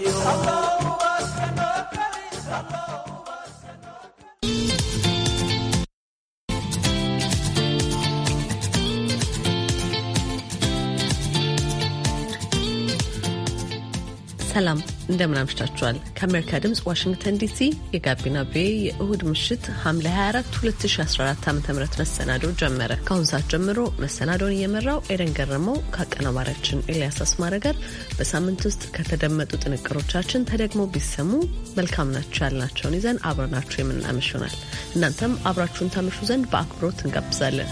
you. ሰላም እንደምን አምሽታችኋል። ከአሜሪካ ድምፅ ዋሽንግተን ዲሲ የጋቢና ቤ የእሁድ ምሽት ሐምሌ 24 2014 ዓ ም መሰናዶ ጀመረ። ከአሁን ሰዓት ጀምሮ መሰናዶን እየመራው ኤደን ገረመው ከአቀናባሪያችን ኤልያስ አስማረ ጋር በሳምንት ውስጥ ከተደመጡ ጥንቅሮቻችን ተደግሞ ቢሰሙ መልካም ናቸው ያልናቸውን ይዘን አብረናችሁ የምናመሽ ይሆናል። እናንተም አብራችሁን ታመሹ ዘንድ በአክብሮት እንጋብዛለን።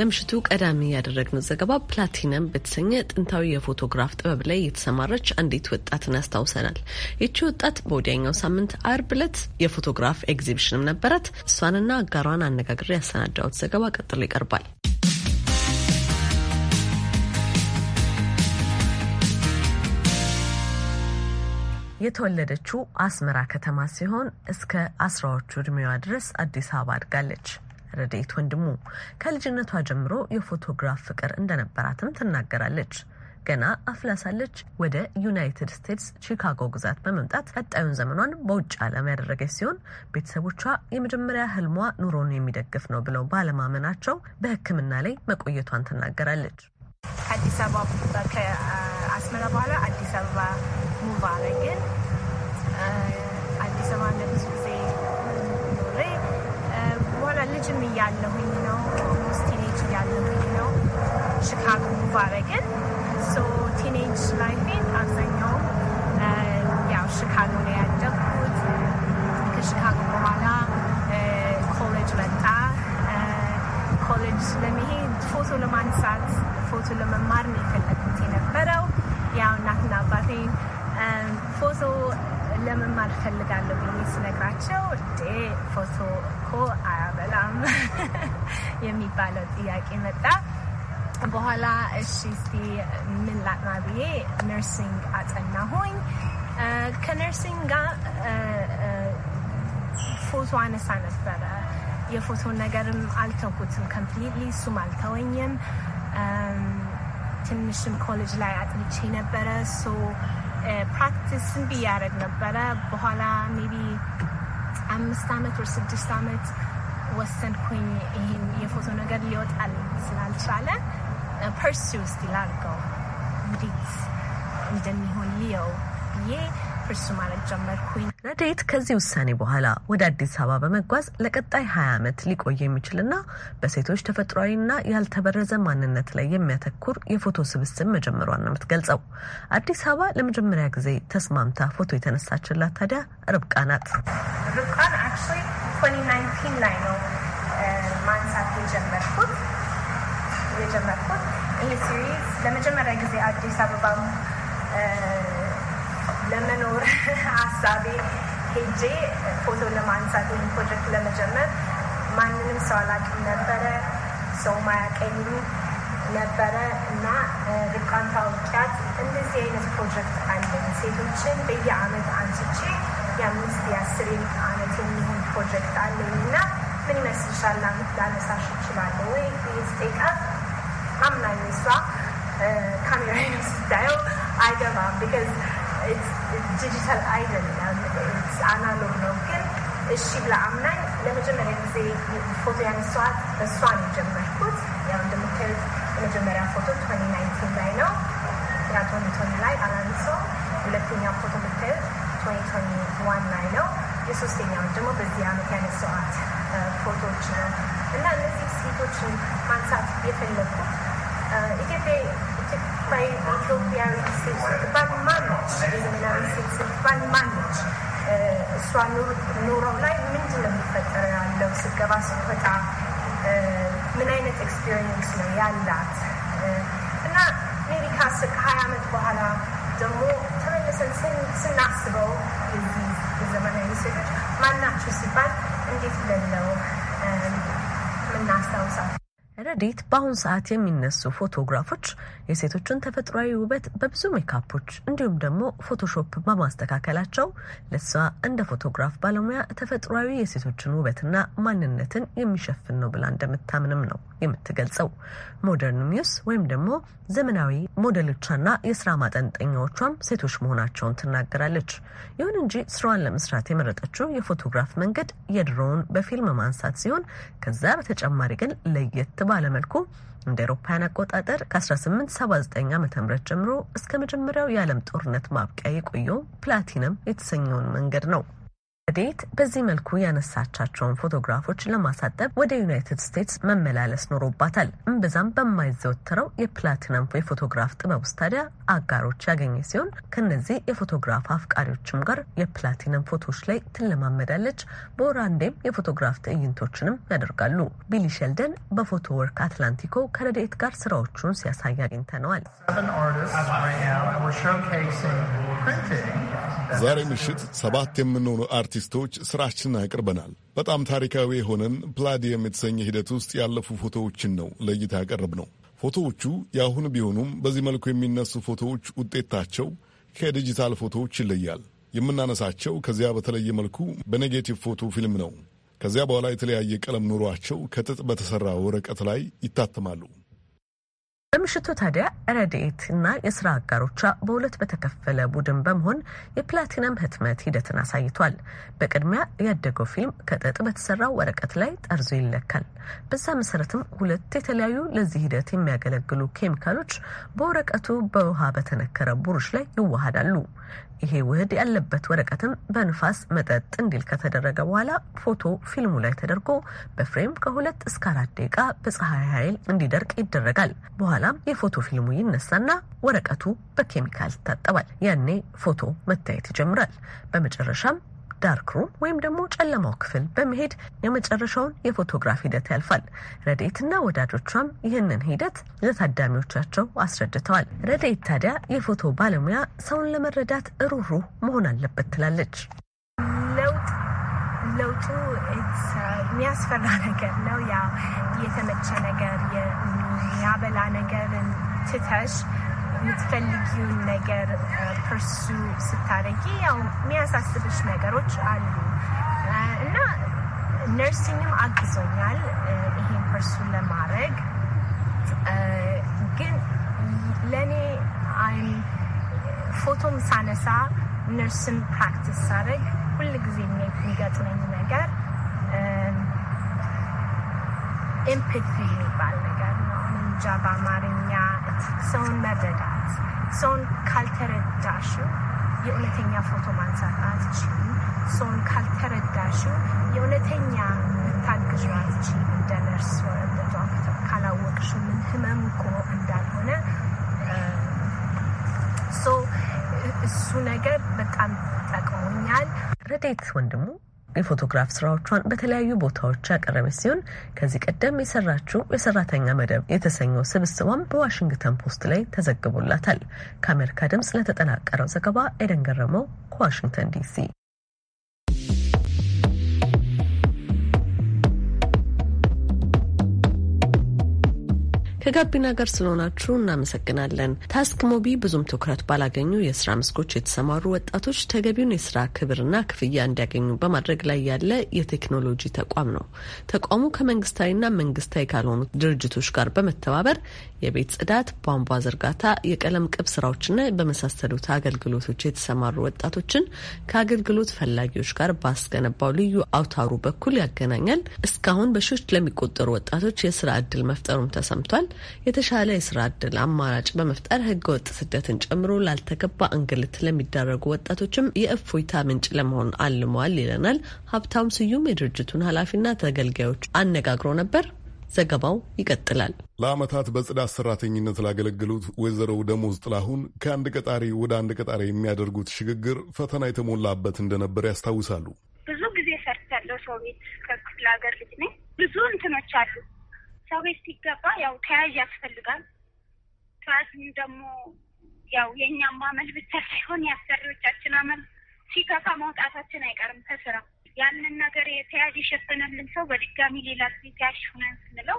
ለምሽቱ ቀዳሚ ያደረግነው ዘገባ ፕላቲነም በተሰኘ ጥንታዊ የፎቶግራፍ ጥበብ ላይ የተሰማረች አንዲት ወጣትን ያስታውሰናል። ይቺ ወጣት በወዲያኛው ሳምንት አርብ ዕለት የፎቶግራፍ ኤግዚቢሽንም ነበራት። እሷንና አጋሯን አነጋግሬ ያሰናዳሁት ዘገባ ቀጥሎ ይቀርባል። የተወለደችው አስመራ ከተማ ሲሆን እስከ አስራዎቹ እድሜዋ ድረስ አዲስ አበባ አድጋለች። ረድኤት ወንድሙ ከልጅነቷ ጀምሮ የፎቶግራፍ ፍቅር እንደነበራትም ትናገራለች። ገና አፍላሳለች ወደ ዩናይትድ ስቴትስ ቺካጎ ግዛት በመምጣት ቀጣዩን ዘመኗን በውጭ ዓለም ያደረገች ሲሆን ቤተሰቦቿ የመጀመሪያ ህልሟ ኑሮን የሚደግፍ ነው ብለው ባለማመናቸው በሕክምና ላይ መቆየቷን ትናገራለች። ከአዲስ አበባ ከአስመራ በኋላ አዲስ አበባ ሙባ ግን አዲስ አበባ ልጅም እያለሁኝ ነው ኦልሞስት ቲኔጅ እያለሁኝ ነው ሽካጎ ሶ ቲኔጅ ላይፌን አብዛኛው ያው ሽካጎ ነው ያደግኩት። ከሽካጎ በኋላ ኮሌጅ uh, መጣ። ኮሌጅ uh, ለመሄድ ፎቶ ለማንሳት ፎቶ ለመማር ነው የፈለግኩት የነበረው። ያው እናትና አባቴ um, ፎቶ ለመማር እፈልጋለሁ ብዬ ስነግራቸው ፎቶ የሚባለው ጥያቄ መጣ። በኋላ እሺ እስቲ ምን ላጥና ብዬ ነርሲንግ አጠናሁኝ። ከነርሲንግ ጋር ፎቶ አነሳ ነበረ። የፎቶ ነገርም አልተውኩትም ከምፕሊትሊ፣ እሱም አልተወኝም። ትንሽም ኮሌጅ ላይ አጥንቼ ነበረ። ሶ ፕራክቲስም ብዬ አደረግ ነበረ። በኋላ ሜቢ አምስት አመት ወር ስድስት አመት ወሰንኩኝ። ይህን የፎቶ ነገር ሊወጣል ስላልቻለ ፐርሱ uh, ውስጥ አድርገው እንዴት እንደሚሆን ልየው ብዬ ፐርሱ ማለት ጀመርኩኝ። ረዴት ከዚህ ውሳኔ በኋላ ወደ አዲስ አበባ በመጓዝ ለቀጣይ 20 ዓመት ሊቆይ የሚችልና በሴቶች ተፈጥሯዊና ያልተበረዘ ማንነት ላይ የሚያተኩር የፎቶ ስብስብ መጀመሯን ነው የምትገልጸው። አዲስ አበባ ለመጀመሪያ ጊዜ ተስማምታ ፎቶ የተነሳችላት ታዲያ ርብቃ ናት። 2019 ላይ ነው ማንሳት የጀመርኩት የጀመርኩት ይሄ ሲሪዝ ለመጀመሪያ ጊዜ አዲስ አበባ ለመኖር ሀሳቤ ሄጄ ፎቶ ለማንሳት ወይም ፕሮጀክት ለመጀመር ማንንም ሰው አላውቅም ነበረ። ሰው ማያቀኝ ነበረ እና ርብቃን ታውቂያት፣ እንደዚህ አይነት ፕሮጀክት አለኝ ሴቶችን በየአመት አንስቼ የአምስት የአስር ዓመት የሚ ፕሮጀክት አለኝ እና ምን ይመስልሻል ላነሳሽ እችላለሁ ወይ ስጠይቃት አምናኝ እሷ ካሜራ ስታየው አይገባም ቢካዝ ዲጂታል አይደለም አናሎግ ነው ግን እሺ ብላ አምናኝ ለመጀመሪያ ጊዜ ፎቶ ያነሷት እሷ ነው የጀመርኩት ያው እንደምታዩት የመጀመሪያ ፎቶ ቶኒ ናይንቲን ላይ ነው ያ ቶኒ ላይ አናንሶ ሁለተኛ ፎቶ የምታዩት ቶኒ ቶኒ ዋን ላይ ነው የሶስተኛውን ደግሞ በዚህ ዓመት ያነሳኋት ፎቶዎች ነው እና እነዚህ ስኬቶችን ማንሳት የፈለግኩት ኢትዮጵያ ኢትዮጵያዊ ሴት ስትባል ማነች? የዘመናዊ ሴት ስትባል ማነች? እሷ ኑሮው ላይ ምንድን ነው የሚፈጠረው ያለው? ስገባ ስትወጣ ምን አይነት ኤክስፒሪየንስ ነው ያላት? እና ሜቢ ከሀያ ዓመት በኋላ ደግሞ ተመልሰን ስናስበው የዚህ ዘመናዊ ስዕሎች ሲባል እንዴት ረዴት በአሁኑ ሰዓት የሚነሱ ፎቶግራፎች የሴቶችን ተፈጥሯዊ ውበት በብዙ ሜካፖች እንዲሁም ደግሞ ፎቶሾፕ በማስተካከላቸው ለሷ እንደ ፎቶግራፍ ባለሙያ ተፈጥሯዊ የሴቶችን ውበትና ማንነትን የሚሸፍን ነው ብላ እንደምታምንም ነው የምትገልጸው። ሞደርን ሚውስ ወይም ደግሞ ዘመናዊ ሞዴሎቿና የስራ ማጠንጠኛዎቿም ሴቶች መሆናቸውን ትናገራለች። ይሁን እንጂ ስራዋን ለመስራት የመረጠችው የፎቶግራፍ መንገድ የድሮውን በፊልም ማንሳት ሲሆን ከዛ በተጨማሪ ግን ለየት ባለመልኩ እንደ አውሮፓውያን አቆጣጠር ከ1879 ዓ ም ጀምሮ እስከ መጀመሪያው የዓለም ጦርነት ማብቂያ የቆየው ፕላቲነም የተሰኘውን መንገድ ነው። ረዴት በዚህ መልኩ ያነሳቻቸውን ፎቶግራፎች ለማሳጠብ ወደ ዩናይትድ ስቴትስ መመላለስ ኖሮባታል። እምብዛም በማይዘወትረው የፕላቲነም የፎቶግራፍ ጥበብ ውስጥ ታዲያ አጋሮች ያገኘ ሲሆን ከነዚህ የፎቶግራፍ አፍቃሪዎችም ጋር የፕላቲነም ፎቶዎች ላይ ትለማመዳለች። በወራንዴም የፎቶግራፍ ትዕይንቶችንም ያደርጋሉ። ቢሊ ሸልደን በፎቶ ወርክ አትላንቲኮ ከረዴት ጋር ስራዎቹን ሲያሳይ አግኝተነዋል። ዛሬ ምሽት ሰባት የምንሆኑ አርቲስቶች ስራችንን አቅርበናል። በጣም ታሪካዊ የሆነን ፕላዲየም የተሰኘ ሂደት ውስጥ ያለፉ ፎቶዎችን ነው ለእይታ ያቀርብ ነው። ፎቶዎቹ የአሁን ቢሆኑም በዚህ መልኩ የሚነሱ ፎቶዎች ውጤታቸው ከዲጂታል ፎቶዎች ይለያል። የምናነሳቸው ከዚያ በተለየ መልኩ በኔጌቲቭ ፎቶ ፊልም ነው። ከዚያ በኋላ የተለያየ ቀለም ኑሯቸው ከጥጥ በተሰራ ወረቀት ላይ ይታተማሉ። በምሽቱ ታዲያ ረድኤት እና የስራ አጋሮቿ በሁለት በተከፈለ ቡድን በመሆን የፕላቲነም ህትመት ሂደትን አሳይቷል። በቅድሚያ ያደገው ፊልም ከጥጥ በተሰራው ወረቀት ላይ ጠርዞ ይለካል። በዛ መሰረትም ሁለት የተለያዩ ለዚህ ሂደት የሚያገለግሉ ኬሚካሎች በወረቀቱ በውሃ በተነከረ ቡሩሽ ላይ ይዋሃዳሉ። ይሄ ውህድ ያለበት ወረቀትም በንፋስ መጠጥ እንዲል ከተደረገ በኋላ ፎቶ ፊልሙ ላይ ተደርጎ በፍሬም ከሁለት እስከ አራት ደቂቃ በፀሐይ ኃይል እንዲደርቅ ይደረጋል። በኋላም የፎቶ ፊልሙ ይነሳና ወረቀቱ በኬሚካል ይታጠባል። ያኔ ፎቶ መታየት ይጀምራል። በመጨረሻም ዳርክ ሩም ወይም ደግሞ ጨለማው ክፍል በመሄድ የመጨረሻውን የፎቶግራፍ ሂደት ያልፋል። ረዴትና ወዳጆቿም ይህንን ሂደት ለታዳሚዎቻቸው አስረድተዋል። ረዴት ታዲያ የፎቶ ባለሙያ ሰውን ለመረዳት ሩህሩህ መሆን አለበት ትላለች። ለውጥ ለውጡ የሚያስፈራ ነገር ነው። ያው የተመቸ ነገር የሚያበላ ነገርን ትተሽ የምትፈልጊውን ነገር ፐርሱ ስታደርጊ ያው የሚያሳስብሽ ነገሮች አሉ እና ነርሲንግም አግዞኛል ይሄን ፐርሱ ለማድረግ ግን ለእኔ ፎቶም ሳነሳ ነርስን ፕራክቲስ ሳደርግ ሁል ጊዜ የሚገጥመኝ ነገር ኤምፕቲ የሚባል ነገር ነው። እንጃ በአማርኛ ማለት ሰውን መረዳት። ሰውን ካልተረዳሹ የእውነተኛ ፎቶ ማንሳት አትችልም። ሰውን ካልተረዳሹ የእውነተኛ ልታግዥ አትችልም። እንደ ነርስ እንደ ዶክተር ካላወቅሽ ምን ህመም እኮ እንዳልሆነ እሱ ነገር በጣም ጠቅሞኛል። ረዴት ወንድሙ የፎቶግራፍ ስራዎቿን በተለያዩ ቦታዎች ያቀረበች ሲሆን ከዚህ ቀደም የሰራችው የሰራተኛ መደብ የተሰኘው ስብስቧም በዋሽንግተን ፖስት ላይ ተዘግቦላታል። ከአሜሪካ ድምጽ ለተጠናቀረው ዘገባ ኤደን ገረመው ከዋሽንግተን ዲሲ ከጋቢና ጋር ስለሆናችሁ እናመሰግናለን። ታስክ ሞቢ ብዙም ትኩረት ባላገኙ የስራ መስኮች የተሰማሩ ወጣቶች ተገቢውን የስራ ክብርና ክፍያ እንዲያገኙ በማድረግ ላይ ያለ የቴክኖሎጂ ተቋም ነው። ተቋሙ ከመንግስታዊና መንግስታዊ ካልሆኑ ድርጅቶች ጋር በመተባበር የቤት ጽዳት፣ ቧንቧ ዝርጋታ፣ የቀለም ቅብ ስራዎችና በመሳሰሉት አገልግሎቶች የተሰማሩ ወጣቶችን ከአገልግሎት ፈላጊዎች ጋር ባስገነባው ልዩ አውታሩ በኩል ያገናኛል። እስካሁን በሺዎች ለሚቆጠሩ ወጣቶች የስራ እድል መፍጠሩም ተሰምቷል። የተሻለ የስራ እድል አማራጭ በመፍጠር ህገወጥ ስደትን ጨምሮ ላልተገባ እንግልት ለሚዳረጉ ወጣቶችም የእፎይታ ምንጭ ለመሆን አልመዋል ይለናል። ሀብታም ስዩም የድርጅቱን ኃላፊና ተገልጋዮች አነጋግሮ ነበር። ዘገባው ይቀጥላል። ለአመታት በጽዳት ሰራተኝነት ላገለግሉት ወይዘሮ ደሞዝ ጥላሁን ከአንድ ቀጣሪ ወደ አንድ ቀጣሪ የሚያደርጉት ሽግግር ፈተና የተሞላበት እንደነበር ያስታውሳሉ። ብዙ ጊዜ ሰርቻለሁ። ሰው ቤት ከክፍለ ሀገር ልጅ ነኝ። ብዙ እንትኖች አሉ ሰው ቤት ሲገባ ያው ተያዥ ያስፈልጋል። ተያዥም ደግሞ ያው የእኛም አመል ብቻ ሲሆን የአሰሪዎቻችን አመል ሲከፋ መውጣታችን አይቀርም ከስራ ያንን ነገር የተያዥ የሸፈነልን ሰው በድጋሚ ሌላ ጊዜ ተያዥ ሆነን ስንለው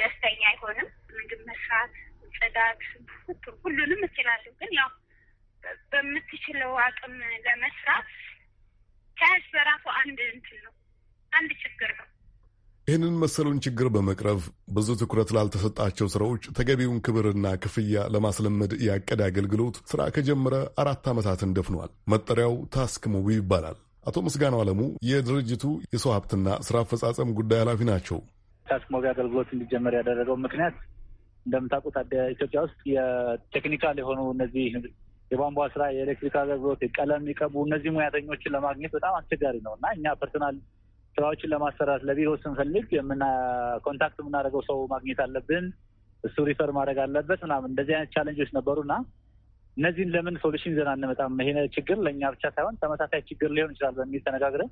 ደስተኛ አይሆንም። ምግብ መስራት፣ ጽዳት፣ ሁሉንም እችላለሁ፣ ግን ያው በምትችለው አቅም ለመስራት ተያዥ በራሱ አንድ እንትን ነው፣ አንድ ችግር ነው። ይህንን መሰሉን ችግር በመቅረፍ ብዙ ትኩረት ላልተሰጣቸው ስራዎች ተገቢውን ክብርና ክፍያ ለማስለመድ ያቀደ አገልግሎት ስራ ከጀመረ አራት ዓመታትን ደፍኗል። መጠሪያው ታስክ ሙቪ ይባላል። አቶ ምስጋናው አለሙ የድርጅቱ የሰው ሀብትና ስራ አፈጻጸም ጉዳይ ኃላፊ ናቸው። ታስክ ሙቪ አገልግሎት እንዲጀመር ያደረገው ምክንያት እንደምታውቁት ኢትዮጵያ ውስጥ የቴክኒካል የሆኑ እነዚህ የቧንቧ ስራ፣ የኤሌክትሪክ አገልግሎት፣ ቀለም የሚቀቡ እነዚህ ሙያተኞችን ለማግኘት በጣም አስቸጋሪ ነው እና እኛ ፐርሰናል ስራዎችን ለማሰራት ለቢሮ ስንፈልግ የምና ኮንታክት የምናደርገው ሰው ማግኘት አለብን። እሱ ሪፈር ማድረግ አለበት ምናምን እንደዚህ አይነት ቻለንጆች ነበሩና እነዚህን ለምን ሶሉሽን ይዘን አንመጣም? ይሄ ችግር ለእኛ ብቻ ሳይሆን ተመሳሳይ ችግር ሊሆን ይችላል በሚል ተነጋግረን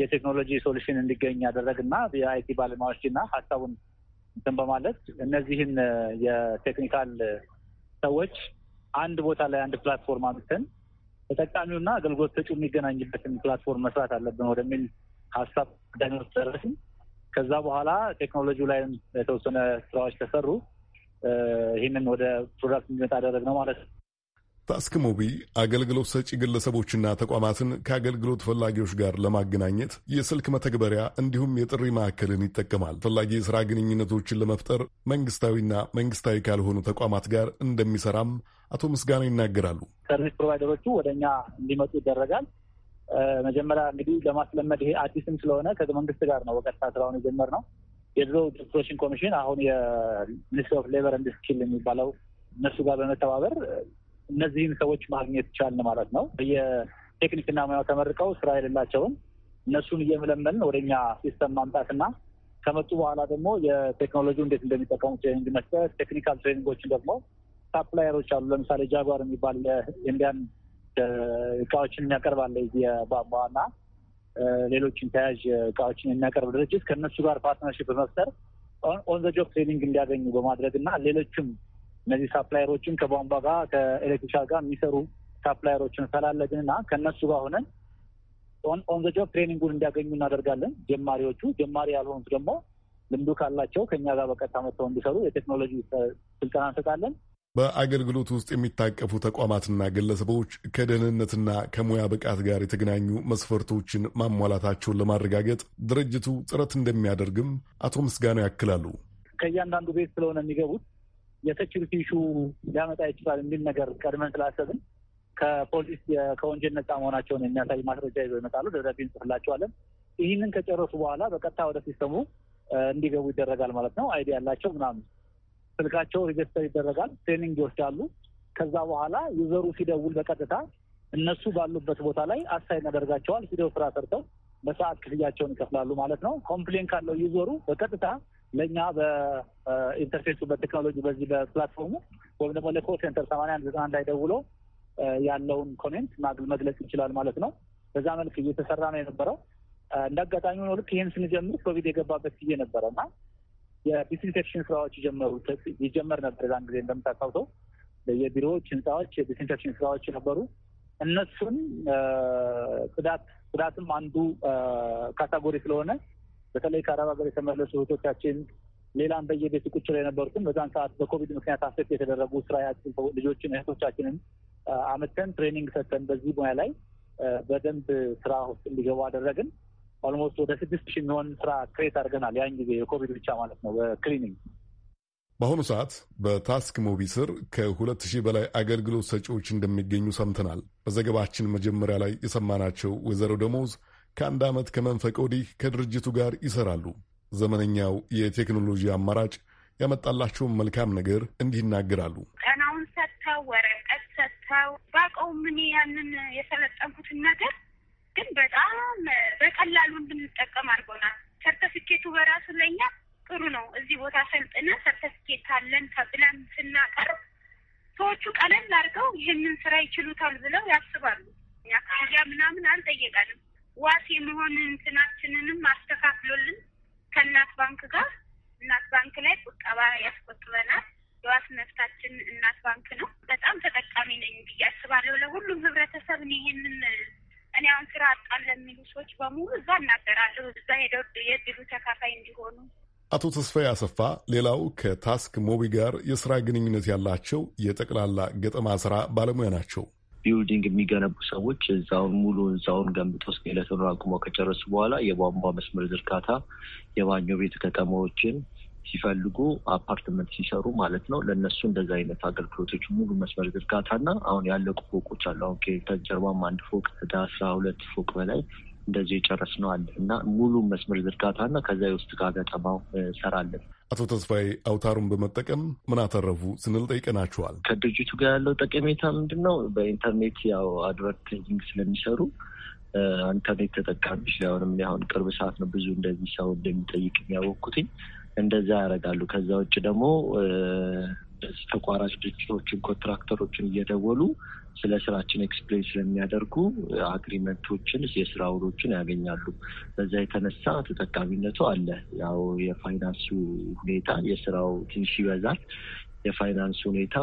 የቴክኖሎጂ ሶሉሽን እንዲገኝ ያደረግና የአይቲ ባለሙያዎችና ሀሳቡን እንትን በማለት እነዚህን የቴክኒካል ሰዎች አንድ ቦታ ላይ አንድ ፕላትፎርም አምጥተን ተጠቃሚውና አገልግሎት ሰጪው የሚገናኝበትን ፕላትፎርም መስራት አለብን ወደሚል ሀሳብ ዳኞች ከዛ በኋላ ቴክኖሎጂው ላይ የተወሰነ ስራዎች ተሰሩ። ይህንን ወደ ፕሮዳክት እንዲመጣ ያደረግ ነው ማለት ነው። ታስክ ሞቢ አገልግሎት ሰጪ ግለሰቦችና ተቋማትን ከአገልግሎት ፈላጊዎች ጋር ለማገናኘት የስልክ መተግበሪያ እንዲሁም የጥሪ ማዕከልን ይጠቀማል። ፈላጊ የስራ ግንኙነቶችን ለመፍጠር መንግስታዊና መንግስታዊ ካልሆኑ ተቋማት ጋር እንደሚሰራም አቶ ምስጋና ይናገራሉ። ሰርቪስ ፕሮቫይደሮቹ ወደ እኛ እንዲመጡ ይደረጋል። መጀመሪያ እንግዲህ ለማስለመድ ይሄ አዲስም ስለሆነ መንግስት ጋር ነው በቀጥታ ስራውን የጀመርነው። የድሮ ፕሮሽን ኮሚሽን አሁን የሚኒስትሪ ኦፍ ሌበር ኤንድ ስኪል የሚባለው እነሱ ጋር በመተባበር እነዚህን ሰዎች ማግኘት ቻልን ማለት ነው። የቴክኒክና ሙያው ተመርቀው ስራ የሌላቸውን እነሱን እየመለመልን ወደኛ ሲስተም ማምጣትና ከመጡ በኋላ ደግሞ የቴክኖሎጂ እንዴት እንደሚጠቀሙ ትሬኒንግ መስጠት፣ ቴክኒካል ትሬኒንጎችን ደግሞ ሳፕላየሮች አሉ። ለምሳሌ ጃጓር የሚባል የኢንዲያን እቃዎችን የሚያቀርባለ የቧንቧና ሌሎችን ተያዥ እቃዎችን የሚያቀርብ ድርጅት ከእነሱ ጋር ፓርትነርሽፕ በመፍጠር ኦን ዘ ጆብ ትሬኒንግ እንዲያገኙ በማድረግ እና ሌሎችም እነዚህ ሳፕላየሮችን ከቧንቧ ጋር ከኤሌክትሪሻል ጋር የሚሰሩ ሳፕላየሮችን ፈላለግን እና ከእነሱ ጋር ሆነን ኦን ዘ ጆብ ትሬኒንጉን እንዲያገኙ እናደርጋለን። ጀማሪዎቹ ጀማሪ ያልሆኑት ደግሞ ልምዱ ካላቸው ከኛ ጋር በቀጥታ መጥተው እንዲሰሩ የቴክኖሎጂ ስልጠና እንሰጣለን። በአገልግሎት ውስጥ የሚታቀፉ ተቋማትና ግለሰቦች ከደህንነትና ከሙያ ብቃት ጋር የተገናኙ መስፈርቶችን ማሟላታቸውን ለማረጋገጥ ድርጅቱ ጥረት እንደሚያደርግም አቶ ምስጋኖ ያክላሉ። ከእያንዳንዱ ቤት ስለሆነ የሚገቡት የሴኪሪቲ ኢሹ ሊያመጣ ይችላል የሚል ነገር ቀድመን ስላሰብን ከፖሊስ ከወንጀል ነጻ መሆናቸውን የሚያሳይ ማስረጃ ይዘው ይመጣሉ። ደብዳቤ እንጽፍላቸዋለን። ይህንን ከጨረሱ በኋላ በቀጥታ ወደ ሲስተሙ እንዲገቡ ይደረጋል ማለት ነው። አይዲ ያላቸው ምናምን ስልካቸው ሬጅስተር ይደረጋል። ትሬኒንግ ይወስዳሉ። ከዛ በኋላ ዩዘሩ ሲደውል በቀጥታ እነሱ ባሉበት ቦታ ላይ አሳይን ያደርጋቸዋል። ሂደው ስራ ሰርተው በሰዓት ክፍያቸውን ይከፍላሉ ማለት ነው። ኮምፕሌን ካለው ዩዘሩ በቀጥታ ለእኛ በኢንተርፌሱ በቴክኖሎጂ በዚህ በፕላትፎርሙ ወይም ደግሞ ለኮ ሴንተር ሰማንያ አንድ ዘጠና ላይ ደውሎ ያለውን ኮሜንት መግለጽ ይችላል ማለት ነው። በዛ መልክ እየተሰራ ነው የነበረው። እንደ አጋጣሚ ሆኖ ልክ ይህን ስንጀምር ኮቪድ የገባበት ጊዜ ነበረ እና የዲስኢንፌክሽን ስራዎች ጀመሩ ይጀመር ነበር። ዛን ጊዜ እንደምታስታውሰው የቢሮዎች ህንፃዎች የዲስኢንፌክሽን ስራዎች ነበሩ። እነሱን ጽዳት ጽዳትም አንዱ ካታጎሪ ስለሆነ በተለይ ከአረብ ሀገር የተመለሱ እህቶቻችን ሌላም በየቤት ቁጭ ላይ የነበሩትም በዛን ሰዓት በኮቪድ ምክንያት አፌክት የተደረጉ ስራ ያችን ልጆችን እህቶቻችንን አመተን ትሬኒንግ ሰጥተን በዚህ ሙያ ላይ በደንብ ስራ ውስጥ እንዲገቡ አደረግን። ኦልሞስት ወደ ስድስት ሺህ የሚሆን ስራ ክሬት አድርገናል። ያን ጊዜ የኮቪድ ብቻ ማለት ነው በክሊኒንግ በአሁኑ ሰዓት በታስክ ሞቢ ስር ከሁለት ሺህ በላይ አገልግሎት ሰጪዎች እንደሚገኙ ሰምተናል። በዘገባችን መጀመሪያ ላይ የሰማናቸው ወይዘሮ ደሞዝ ከአንድ ዓመት ከመንፈቅ ወዲህ ከድርጅቱ ጋር ይሰራሉ። ዘመነኛው የቴክኖሎጂ አማራጭ ያመጣላቸውን መልካም ነገር እንዲህ ይናገራሉ። ቀናውን ሰጥተው ወረቀት ሰጥተው ባቀው ምን ያንን የሰለጠንኩትን ነገር ግን በጣም በቀላሉ እንድንጠቀም አድርጎናል። ሰርተፊኬቱ በራሱ ለኛ ጥሩ ነው። እዚህ ቦታ ሰልጥነ ሰርተፊኬት አለን ተብለን ስናቀርብ ሰዎቹ ቀለል አድርገው ይህንን ስራ ይችሉታል ብለው ያስባሉ። እኛ ከዚያ ምናምን አልጠየቀንም። ዋስ የመሆን እንትናችንንም አስተካክሎልን ከእናት ባንክ ጋር እናት ባንክ ላይ ቁጠባ ያስቆጥበናል። የዋስ መፍታችን እናት ባንክ ነው። በጣም ተጠቃሚ ነኝ ብዬ አስባለሁ። ለሁሉም ህብረተሰብ ይህንን እኔ አሁን ስራ አጣን ለሚሉ ሰዎች በሙሉ እዛ እናገራለሁ። እዛ ሄደው የድሉ ተካፋይ እንዲሆኑ አቶ ተስፋዬ አሰፋ ሌላው ከታስክ ሞቢ ጋር የስራ ግንኙነት ያላቸው የጠቅላላ ገጠማ ስራ ባለሙያ ናቸው። ቢልዲንግ የሚገነቡ ሰዎች እዛውን ሙሉ እዛውን ገንብቶ እስከ ኤሌክትሮን አቁሞ ከጨረሱ በኋላ የቧንቧ መስመር ዝርጋታ፣ የባኞ ቤት ከተማዎችን ሲፈልጉ አፓርትመንት ሲሰሩ ማለት ነው። ለእነሱ እንደዚ አይነት አገልግሎቶች ሙሉ መስመር ዝርጋታና አሁን ያለቁ ፎቆች አሉ። አሁን ከጀርባም አንድ ፎቅ ወደ አስራ ሁለት ፎቅ በላይ እንደዚህ የጨረስ ነው አለ እና ሙሉ መስመር ዝርጋታና ከዛ የውስጥ ጋር ገጠማው ሰራለን። አቶ ተስፋዬ አውታሩን በመጠቀም ምን አተረፉ ስንል ጠይቀናቸዋል። ከድርጅቱ ጋር ያለው ጠቀሜታ ምንድን ነው? በኢንተርኔት ያው አድቨርታይዚንግ ስለሚሰሩ ኢንተርኔት ተጠቃሚ ሲሆንም አሁን ቅርብ ሰዓት ነው ብዙ እንደዚህ ሰው እንደሚጠይቅ የሚያወቅኩትኝ እንደዛ ያደርጋሉ። ከዛ ውጭ ደግሞ ተቋራጭ ድርጅቶችን ኮንትራክተሮችን እየደወሉ ስለ ስራችን ኤክስፕሌን ስለሚያደርጉ አግሪመንቶችን፣ የስራ ውሎችን ያገኛሉ። በዛ የተነሳ ተጠቃሚነቱ አለ። ያው የፋይናንሱ ሁኔታ የስራው ትንሽ ይበዛል። የፋይናንስ ሁኔታ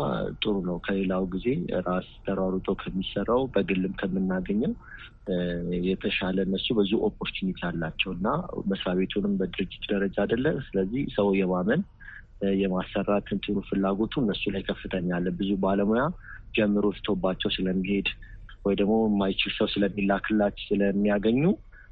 ጥሩ ነው። ከሌላው ጊዜ ራስ ተሯሩጦ ከሚሰራው በግልም ከምናገኘው የተሻለ እነሱ ብዙ ኦፖርቹኒቲ አላቸው እና መስሪያ ቤቱንም በድርጅት ደረጃ አይደለ። ስለዚህ ሰው የማመን የማሰራት እንትኑ ፍላጎቱ እነሱ ላይ ከፍተኛ አለ። ብዙ ባለሙያ ጀምሮ ትቶባቸው ስለሚሄድ ወይ ደግሞ የማይችል ሰው ስለሚላክላች ስለሚያገኙ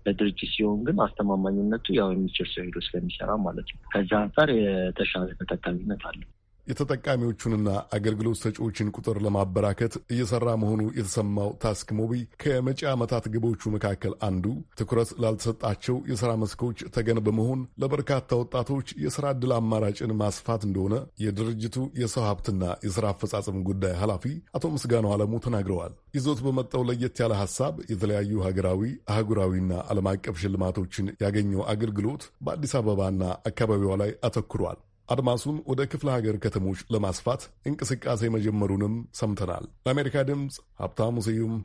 ለድርጅት ሲሆን ግን አስተማማኝነቱ ያው የሚችል ሰው ሄዶ ስለሚሰራ ማለት ነው። ከዛ አንጻር የተሻለ ተጠቃሚነት አለው። የተጠቃሚዎቹንና አገልግሎት ሰጪዎችን ቁጥር ለማበራከት እየሰራ መሆኑ የተሰማው ታስክ ሞቢ ከመጪ ዓመታት ግቦቹ መካከል አንዱ ትኩረት ላልተሰጣቸው የሥራ መስኮች ተገን በመሆን ለበርካታ ወጣቶች የሥራ ዕድል አማራጭን ማስፋት እንደሆነ የድርጅቱ የሰው ሀብትና የሥራ አፈጻጸም ጉዳይ ኃላፊ አቶ ምስጋናው አለሙ ተናግረዋል። ይዞት በመጣው ለየት ያለ ሐሳብ የተለያዩ ሀገራዊ፣ አህጉራዊና ዓለም አቀፍ ሽልማቶችን ያገኘው አገልግሎት በአዲስ አበባና አካባቢዋ ላይ አተኩሯል። አድማሱን ወደ ክፍለ ሀገር ከተሞች ለማስፋት እንቅስቃሴ መጀመሩንም ሰምተናል። ለአሜሪካ ድምፅ ሀብታሙ ስዩም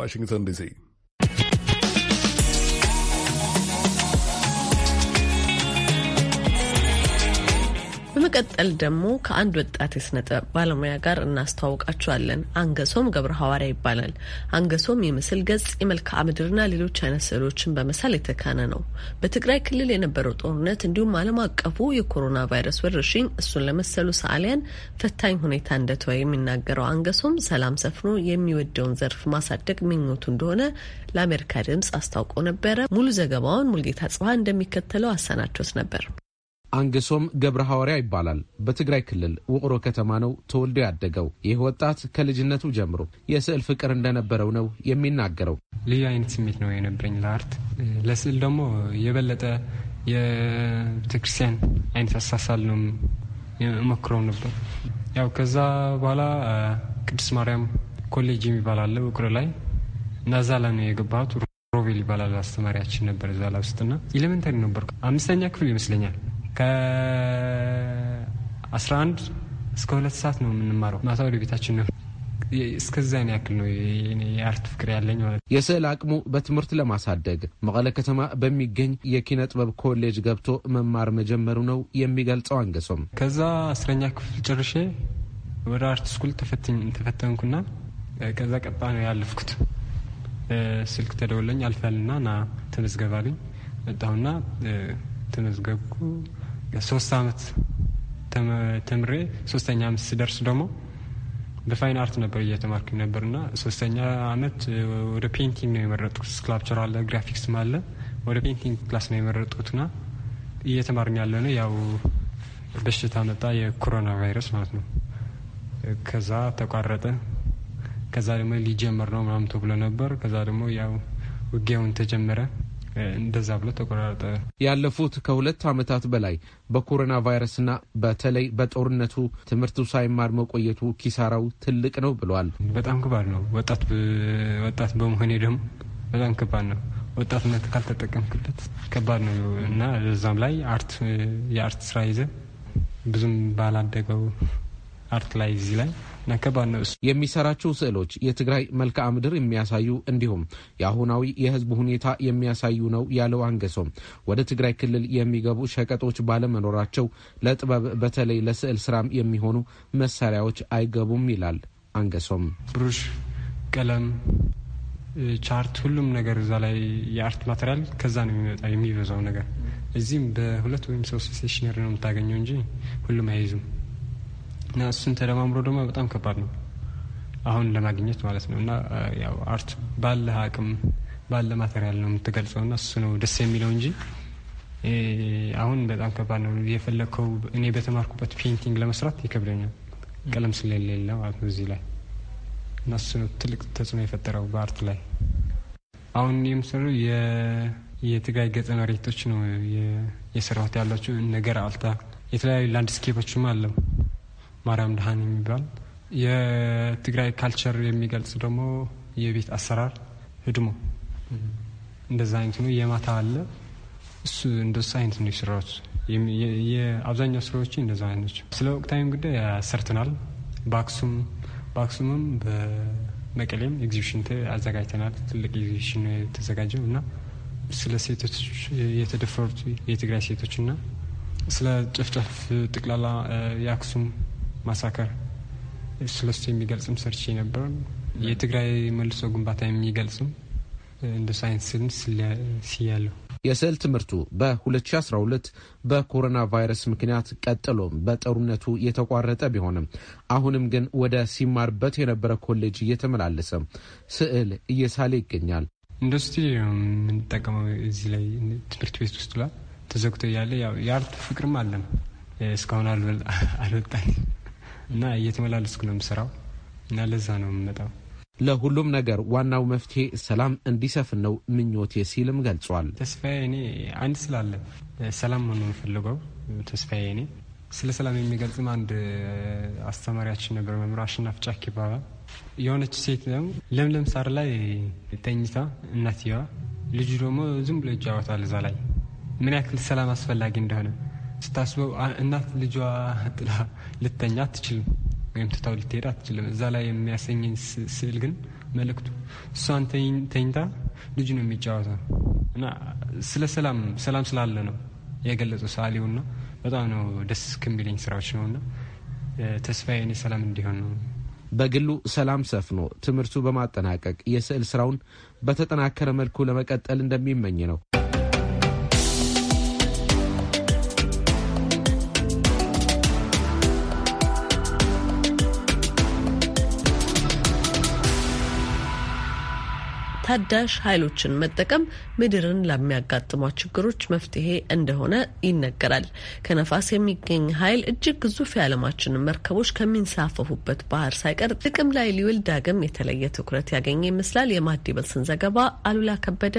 ዋሽንግተን ዲሲ በመቀጠል ደግሞ ከአንድ ወጣት የስነጠ ባለሙያ ጋር እናስተዋውቃችኋለን። አንገሶም ገብረ ሐዋርያ ይባላል። አንገሶም የምስል ገጽ፣ የመልክዓ ምድርና ሌሎች አይነት ስዕሎችን በመሳል የተካነ ነው። በትግራይ ክልል የነበረው ጦርነት እንዲሁም ዓለም አቀፉ የኮሮና ቫይረስ ወረርሽኝ እሱን ለመሰሉ ሰዓሊያን ፈታኝ ሁኔታ እንደተወ የሚናገረው አንገሶም ሰላም ሰፍኖ የሚወደውን ዘርፍ ማሳደግ ምኞቱ እንደሆነ ለአሜሪካ ድምጽ አስታውቆ ነበረ። ሙሉ ዘገባውን ሙልጌታ ጽባህ እንደሚከተለው አሰናቾት ነበር። አንግሶም ገብረ ሐዋርያ ይባላል። በትግራይ ክልል ውቅሮ ከተማ ነው ተወልዶ ያደገው። ይህ ወጣት ከልጅነቱ ጀምሮ የስዕል ፍቅር እንደነበረው ነው የሚናገረው። ልዩ አይነት ስሜት ነው የነበረኝ ለአርት። ለስዕል ደግሞ የበለጠ የቤተክርስቲያን አይነት አሳሳል ነው መክረው ነበር። ያው ከዛ በኋላ ቅዱስ ማርያም ኮሌጅ የሚባል አለ ውቅሮ ላይ እና እዛ ላይ ነው የገባሁት። ሮቤል ይባላል አስተማሪያችን ነበር እዛ ላይ ውስጥና ኤሌመንታሪ ነበር አምስተኛ ክፍል ይመስለኛል ከ11 እስከ ሁለት ሰዓት ነው የምንማረው። ማታ ወደ ቤታችን ነው። እስከዛን ያክል ነው የአርት ፍቅር ያለኝ ማለት ነው። የስዕል አቅሙ በትምህርት ለማሳደግ መቀለ ከተማ በሚገኝ የኪነ ጥበብ ኮሌጅ ገብቶ መማር መጀመሩ ነው የሚገልጸው አንገሶም። ከዛ አስረኛ ክፍል ጨርሼ ወደ አርት ስኩል ተፈተንኩና ከዛ ቀጣ ነው ያለፍኩት። ስልክ ተደውለኝ አልፋልና ና ተመዝገባልኝ መጣሁና ተመዝገብኩ። ሶስት አመት ተምሬ ሶስተኛ አመት ስደርስ ደግሞ በፋይን አርት ነበር እየተማርክ ነበር እና ሶስተኛ አመት ወደ ፔንቲንግ ነው የመረጥኩት። ስክላፕቸር አለ፣ ግራፊክስም አለ። ወደ ፔንቲንግ ክላስ ነው ና እየተማርን ያለ ነው። ያው በሽታ መጣ፣ የኮሮና ቫይረስ ማለት ነው። ከዛ ተቋረጠ። ከዛ ደግሞ ሊጀመር ነው ምናምን ተብሎ ነበር። ከዛ ደግሞ ያው ውጊያውን ተጀመረ። እንደዛ ብሎ ተቆራረጠ። ያለፉት ከሁለት ዓመታት በላይ በኮሮና ቫይረስና በተለይ በጦርነቱ ትምህርቱ ሳይማር መቆየቱ ኪሳራው ትልቅ ነው ብለዋል። በጣም ከባድ ነው። ወጣት በመሆኔ ደግሞ በጣም ከባድ ነው። ወጣትነት ካልተጠቀምክበት ከባድ ነው እና እዛም ላይ አርት የአርት ስራ ይዘ ብዙም ባላደገው አርት ላይ እዚህ ላይ የሚሰራቸው ስዕሎች የትግራይ መልክዓ ምድር የሚያሳዩ እንዲሁም የአሁናዊ የህዝብ ሁኔታ የሚያሳዩ ነው ያለው አንገሶም ወደ ትግራይ ክልል የሚገቡ ሸቀጦች ባለመኖራቸው ለጥበብ በተለይ ለስዕል ስራም የሚሆኑ መሳሪያዎች አይገቡም ይላል አንገሶም። ብሩሽ፣ ቀለም፣ ቻርት፣ ሁሉም ነገር እዛ ላይ የአርት ማቴሪያል ከዛ ነው የሚመጣ የሚበዛው ነገር። እዚህም በሁለት ወይም ሶስት ሴሽነሪ ነው የምታገኘው እንጂ ሁሉም አይይዙም። እና እሱን ተደማምሮ ደግሞ በጣም ከባድ ነው አሁን ለማግኘት ማለት ነው። እና ያው አርት ባለ አቅም ባለ ማቴሪያል ነው የምትገልጸው እና እሱ ነው ደስ የሚለው እንጂ አሁን በጣም ከባድ ነው። የፈለግከው እኔ በተማርኩበት ፔንቲንግ ለመስራት ይከብደኛል፣ ቀለም ስለሌለ ማለት ነው እዚህ ላይ እና እሱ ነው ትልቅ ተጽዕኖ የፈጠረው በአርት ላይ። አሁን የምሰሩ የትግራይ ገጸ መሬቶች ነው የሰራሁት ያላቸው ነገር አልታ የተለያዩ ላንድስኬፖችም አለው ማርያም ድሃን የሚባል የትግራይ ካልቸር የሚገልጽ ደግሞ የቤት አሰራር ህድሞ እንደዛ አይነት ነው። የማታ አለ እሱ እንደሱ አይነት ነው ስራዎች የአብዛኛው ስራዎች እንደዛ አይነት ናቸው። ስለ ወቅታዊም ጉዳይ ሰርተናል። በአክሱም በአክሱምም በመቀሌም ኤግዚቢሽን አዘጋጅተናል። ትልቅ ኤግዚቢሽን ነው የተዘጋጀው እና ስለ ሴቶች የተደፈሩት የትግራይ ሴቶች እና ስለ ጨፍጨፍ ጠቅላላ የአክሱም ማሳከር ስለሱ የሚገልጽም ሰርች ነበር። የትግራይ መልሶ ግንባታ የሚገልጽም እንደ ሳይንስ ስያለሁ። የስዕል ትምህርቱ በ2012 በኮሮና ቫይረስ ምክንያት ቀጥሎም በጦርነቱ የተቋረጠ ቢሆንም አሁንም ግን ወደ ሲማርበት የነበረ ኮሌጅ እየተመላለሰ ስዕል እየሳለ ይገኛል። ኢንዱስትሪ የምንጠቀመው እዚህ ላይ ትምህርት ቤት ውስጥ ላ ተዘግቶ ያለ የአርት ፍቅርም አለን እስካሁን አልወጣ እና እየተመላለስኩ ነው የምሰራው እና ለዛ ነው የምመጣው። ለሁሉም ነገር ዋናው መፍትሄ ሰላም እንዲሰፍን ነው ምኞቴ ሲልም ገልጿል። ተስፋዬ እኔ አንድ ስላለ ሰላም ነው የምፈልገው። ተስፋዬ እኔ ስለ ሰላም የሚገልጽም አንድ አስተማሪያችን ነበር፣ መምህር አሸናፍ ጫክ ይባላል። የሆነች ሴት ደግሞ ለምለም ሳር ላይ ተኝታ እናትየዋ ልጁ ደግሞ ዝም ብሎ ይጫወታል እዛ ላይ ምን ያክል ሰላም አስፈላጊ እንደሆነ ስታስበው እናት ልጇ ጥላ ልተኛ አትችልም፣ ወይም ትታው ልትሄድ አትችልም። እዛ ላይ የሚያሰኝን ስዕል ግን መልእክቱ እሷን ተኝታ ልጁ ነው የሚጫወተው እና ስለ ሰላም ሰላም ስላለ ነው የገለጸው ሰዓሊውና በጣም ነው ደስ ከሚለኝ ስራዎች ነውና ተስፋዬ እኔ ሰላም እንዲሆን ነው። በግሉ ሰላም ሰፍኖ ትምህርቱ በማጠናቀቅ የስዕል ስራውን በተጠናከረ መልኩ ለመቀጠል እንደሚመኝ ነው ታዳሽ ኃይሎችን መጠቀም ምድርን ለሚያጋጥሟት ችግሮች መፍትሄ እንደሆነ ይነገራል። ከነፋስ የሚገኝ ኃይል እጅግ ግዙፍ የዓለማችን መርከቦች ከሚንሳፈፉበት ባህር ሳይቀር ጥቅም ላይ ሊውል ዳግም የተለየ ትኩረት ያገኘ ይመስላል። የማዲበልስን ዘገባ አሉላ ከበደ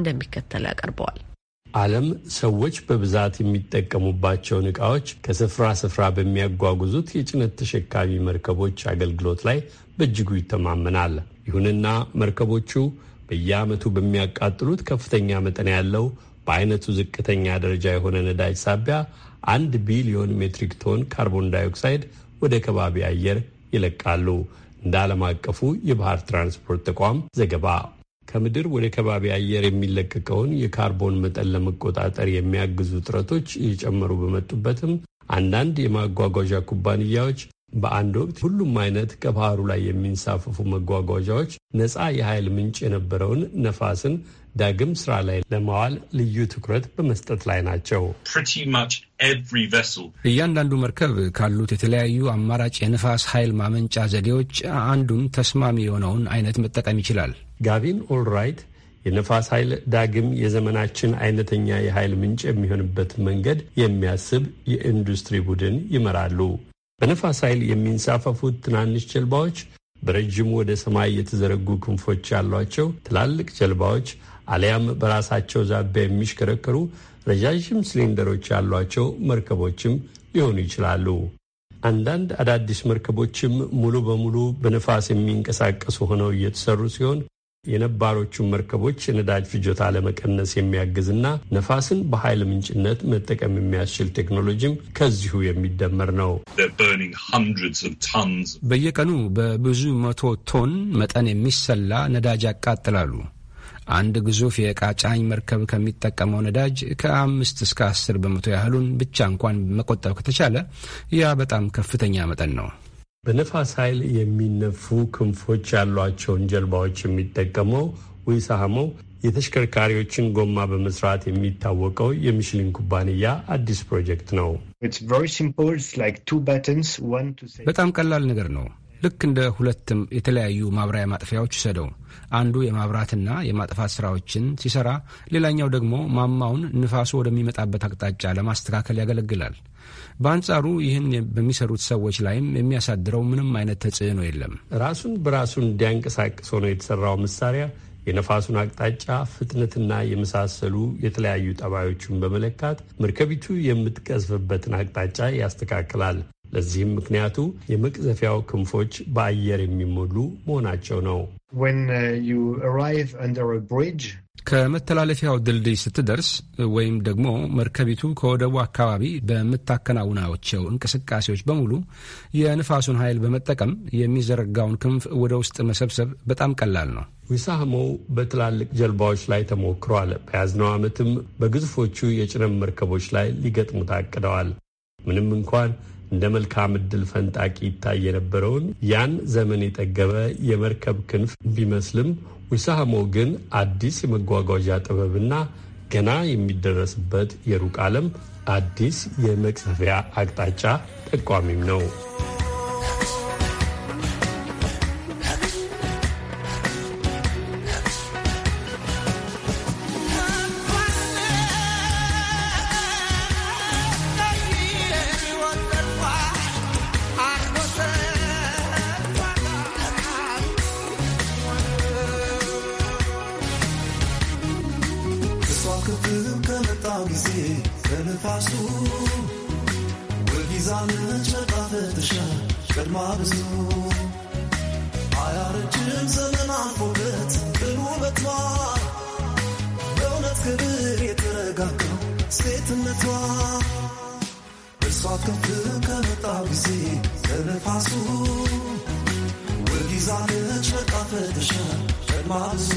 እንደሚከተል ያቀርበዋል። ዓለም ሰዎች በብዛት የሚጠቀሙባቸውን ዕቃዎች ከስፍራ ስፍራ በሚያጓጉዙት የጭነት ተሸካሚ መርከቦች አገልግሎት ላይ በእጅጉ ይተማመናል። ይሁንና መርከቦቹ በየዓመቱ በሚያቃጥሉት ከፍተኛ መጠን ያለው በአይነቱ ዝቅተኛ ደረጃ የሆነ ነዳጅ ሳቢያ አንድ ቢሊዮን ሜትሪክ ቶን ካርቦን ዳይኦክሳይድ ወደ ከባቢ አየር ይለቃሉ። እንደ ዓለም አቀፉ የባህር ትራንስፖርት ተቋም ዘገባ ከምድር ወደ ከባቢ አየር የሚለቀቀውን የካርቦን መጠን ለመቆጣጠር የሚያግዙ ጥረቶች እየጨመሩ በመጡበትም አንዳንድ የማጓጓዣ ኩባንያዎች በአንድ ወቅት ሁሉም አይነት ከባህሩ ላይ የሚንሳፈፉ መጓጓዣዎች ነፃ የኃይል ምንጭ የነበረውን ነፋስን ዳግም ስራ ላይ ለማዋል ልዩ ትኩረት በመስጠት ላይ ናቸው። እያንዳንዱ መርከብ ካሉት የተለያዩ አማራጭ የነፋስ ኃይል ማመንጫ ዘዴዎች አንዱም ተስማሚ የሆነውን አይነት መጠቀም ይችላል። ጋቪን ኦልራይት የነፋስ ኃይል ዳግም የዘመናችን አይነተኛ የኃይል ምንጭ የሚሆንበት መንገድ የሚያስብ የኢንዱስትሪ ቡድን ይመራሉ። በነፋስ ኃይል የሚንሳፈፉት ትናንሽ ጀልባዎች በረጅሙ ወደ ሰማይ የተዘረጉ ክንፎች ያሏቸው ትላልቅ ጀልባዎች አሊያም በራሳቸው ዛቢያ የሚሽከረከሩ ረዣዥም ሲሊንደሮች ያሏቸው መርከቦችም ሊሆኑ ይችላሉ። አንዳንድ አዳዲስ መርከቦችም ሙሉ በሙሉ በነፋስ የሚንቀሳቀሱ ሆነው እየተሰሩ ሲሆን የነባሮቹን መርከቦች ነዳጅ ፍጆታ ለመቀነስ የሚያግዝና ነፋስን በኃይል ምንጭነት መጠቀም የሚያስችል ቴክኖሎጂም ከዚሁ የሚደመር ነው። በየቀኑ በብዙ መቶ ቶን መጠን የሚሰላ ነዳጅ ያቃጥላሉ። አንድ ግዙፍ የእቃ ጫኝ መርከብ ከሚጠቀመው ነዳጅ ከአምስት እስከ አስር በመቶ ያህሉን ብቻ እንኳን መቆጠብ ከተቻለ ያ በጣም ከፍተኛ መጠን ነው። በነፋስ ኃይል የሚነፉ ክንፎች ያሏቸውን ጀልባዎች የሚጠቀመው ዊሳሃሞ የተሽከርካሪዎችን ጎማ በመስራት የሚታወቀው የሚሽሊን ኩባንያ አዲስ ፕሮጀክት ነው። በጣም ቀላል ነገር ነው። ልክ እንደ ሁለትም የተለያዩ ማብሪያ ማጥፊያዎች ሰደው አንዱ የማብራትና የማጥፋት ስራዎችን ሲሰራ፣ ሌላኛው ደግሞ ማማውን ንፋሱ ወደሚመጣበት አቅጣጫ ለማስተካከል ያገለግላል። በአንጻሩ ይህን በሚሰሩት ሰዎች ላይም የሚያሳድረው ምንም አይነት ተጽዕኖ የለም። ራሱን በራሱን እንዲያንቀሳቅስ ሆኖ የተሰራው መሳሪያ የነፋሱን አቅጣጫ ፍጥነትና የመሳሰሉ የተለያዩ ጠባዮቹን በመለካት መርከቢቱ የምትቀዝፍበትን አቅጣጫ ያስተካክላል። ለዚህም ምክንያቱ የመቅዘፊያው ክንፎች በአየር የሚሞሉ መሆናቸው ነው። uh, ከመተላለፊያው ድልድይ ስትደርስ ወይም ደግሞ መርከቢቱ ከወደቡ አካባቢ በምታከናውናቸው እንቅስቃሴዎች በሙሉ የንፋሱን ኃይል በመጠቀም የሚዘረጋውን ክንፍ ወደ ውስጥ መሰብሰብ በጣም ቀላል ነው። ዊሳህሞ በትላልቅ ጀልባዎች ላይ ተሞክሯል። በያዝነው ዓመትም በግዙፎቹ የጭነት መርከቦች ላይ ሊገጥሙ ታቅደዋል። ምንም እንኳን እንደ መልካም እድል ፈንጣቂ ይታይ የነበረውን ያን ዘመን የጠገበ የመርከብ ክንፍ ቢመስልም ዊሳሃሞ ግን አዲስ የመጓጓዣ ጥበብና ገና የሚደረስበት የሩቅ ዓለም አዲስ የመቅሰፊያ አቅጣጫ ጠቋሚም ነው። ንፋሱ ወጊዛ መጣፈትሻ ቀድማ ብዙ አያረጅም ዘመን አልፎበት ብሩበቷ በእውነት ክብር የተረጋጋው ሴትነቷ እርሷ ከፍ ከመጣ ጊዜ ከነፋሱ ወጊዛ ነች ቀድማ ብዙ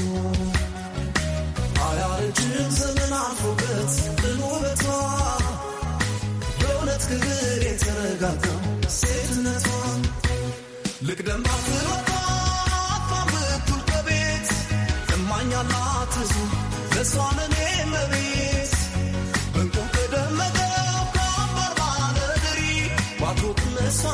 አያረጅም ዘመን አልፎበት ቅን ውበቷ የእውነት ክብር የተረጋጋ ሴትነቷ ልቅደም ባትወጣት ባምቱል ከቤት እማኛላት እዙ ለእሷ ለኔ መቤት በእንቁ ከደመቀው ከአምበር ባለድሪ ባትሮት ነሷ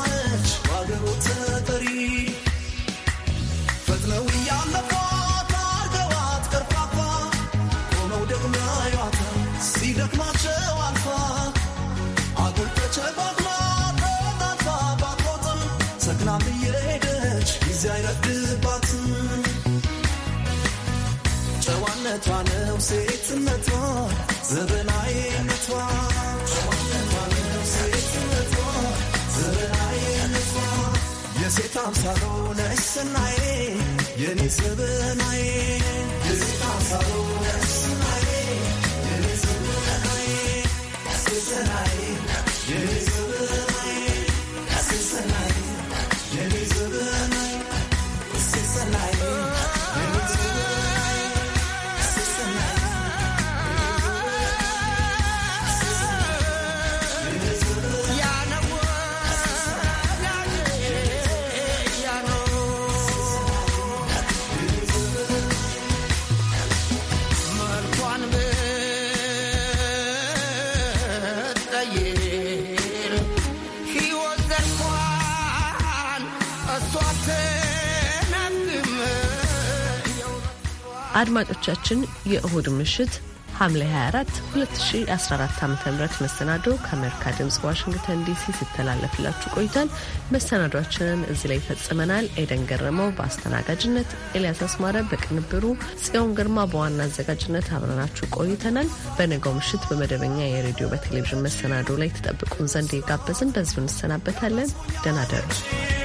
የሴት አምሳሉ ነስናዬ የኔ የሴት አምሳሉ ነስናዬ የኔ ስብናዬ አድማጮቻችን የእሁድ ምሽት ሐምሌ 24 2014 ዓ ም መሰናዶ ከአሜሪካ ድምፅ ዋሽንግተን ዲሲ ሲተላለፍላችሁ ቆይቷል። መሰናዷችንን እዚህ ላይ ይፈጽመናል። ኤደን ገረመው በአስተናጋጅነት፣ ኤልያስ አስማረ በቅንብሩ፣ ጽዮን ግርማ በዋና አዘጋጅነት አብረናችሁ ቆይተናል። በነገው ምሽት በመደበኛ የሬዲዮ በቴሌቪዥን መሰናዶ ላይ ተጠብቁን ዘንድ የጋበዝን በዚሁ እንሰናበታለን። ደህና ደሩ።